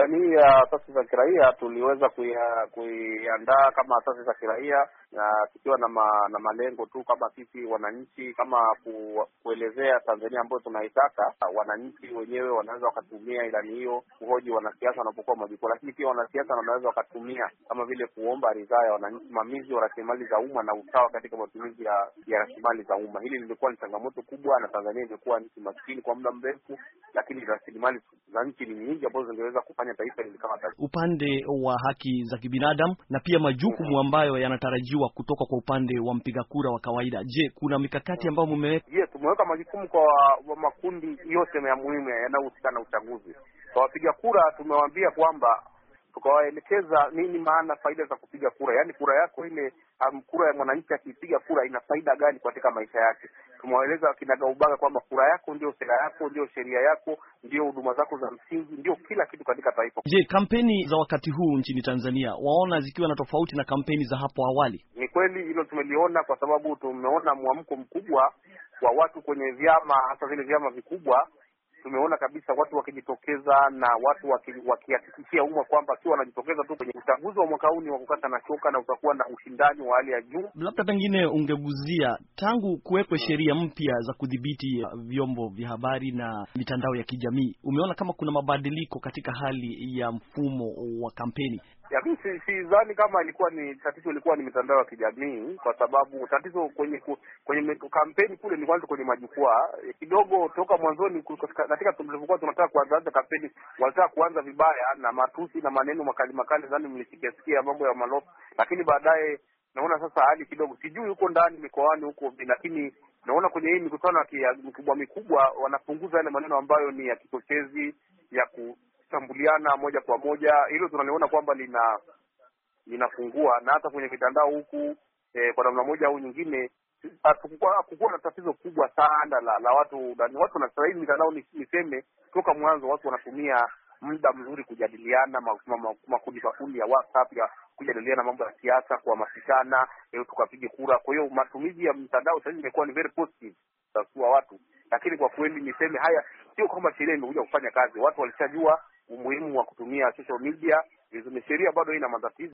Mizani hii ya asasi za kiraia tuliweza kuiandaa kama asasi za kiraia na tukiwa na ma, na malengo tu kama sisi wananchi kama ku, kuelezea Tanzania ambayo tunaitaka. Wananchi wenyewe wanaweza wakatumia ilani hiyo kuhoji wanasiasa wanapokuwa majukuu, lakini pia wanasiasa wanaweza wakatumia kama vile kuomba ridhaa ya wananchi, usimamizi wa rasilimali za umma na usawa katika matumizi ya, ya rasilimali za umma. Hili lilikuwa ni changamoto kubwa, na Tanzania imekuwa nchi maskini kwa muda mrefu, lakini rasilimali za nchi ni nyingi ambazo zingeweza kufanya kufanya taifa hili kama taifa, upande wa haki za kibinadamu na pia majukumu mm-hmm. ambayo yanatarajiwa kutoka kwa upande wa mpiga kura wa kawaida. Je, kuna mikakati ambayo mmeweka? Je, yes, tumeweka majukumu kwa wa makundi yote ya muhimu yanayohusika na uchaguzi. Kwa wapiga kura tumewaambia kwamba tukawaelekeza nini maana faida za kupiga kura, yaani kura yako ile, um, kura ya mwananchi akiipiga kura ina faida gani katika maisha yake. Tumewaeleza kinagaubaga kwamba kura yako ndio sera yako, ndio sheria yako, ndio huduma zako za msingi, ndio kila kitu katika taifa. Je, kampeni za wakati huu nchini Tanzania waona zikiwa na tofauti na kampeni za hapo awali? Ni kweli hilo, tumeliona kwa sababu tumeona mwamko mkubwa wa watu kwenye vyama, hasa vile vyama vikubwa tumeona kabisa watu wakijitokeza na watu wakihakikishia waki umma kwamba sio wanajitokeza tu kwenye uchaguzi wa mwaka huu ni wa kukata na shoka, na utakuwa na ushindani wa hali ya juu. Labda pengine ungeguzia tangu kuwekwe sheria mpya za kudhibiti uh, vyombo vya habari na mitandao ya kijamii, umeona kama kuna mabadiliko katika hali ya mfumo wa kampeni ya mi kama ilikuwa ni tatizo, ilikuwa ni mitandao ya kijamii, kwa sababu tatizo kwenye kwenye kampeni kule ni kwanza kwenye majukwaa e, kidogo. Toka mwanzoni katika tulivyokuwa tunataka kuanza kampeni, walitaka kuanza vibaya na matusi na maneno makali makali, nadhani mlisikiasikia mambo ya malofu, lakini baadaye naona sasa hali kidogo, sijui huko ndani mikoani huko, lakini naona kwenye hii mikutano ya mikubwa mikubwa wanapunguza yale maneno ambayo ni ya kichochezi ya ku kushambuliana moja kwa moja, hilo tunaliona kwamba lina linafungua na hata kwenye mitandao huku eh, kwa namna moja au nyingine hakukuwa na tatizo kubwa sana la la watu watu na sasa hivi mitandao niseme, toka mwanzo watu wanatumia muda mzuri kujadiliana, makundi makundi ya WhatsApp ya kujadiliana mambo ya siasa, kuhamasishana leo eh, tukapige kura. Kwa hiyo matumizi ya mtandao sasa hivi imekuwa ni very positive kwa watu, lakini kwa kweli niseme haya, sio kwamba sheria imekuja kufanya kazi, watu walishajua umuhimu wa kutumia social media. Sheria bado ina matatizo.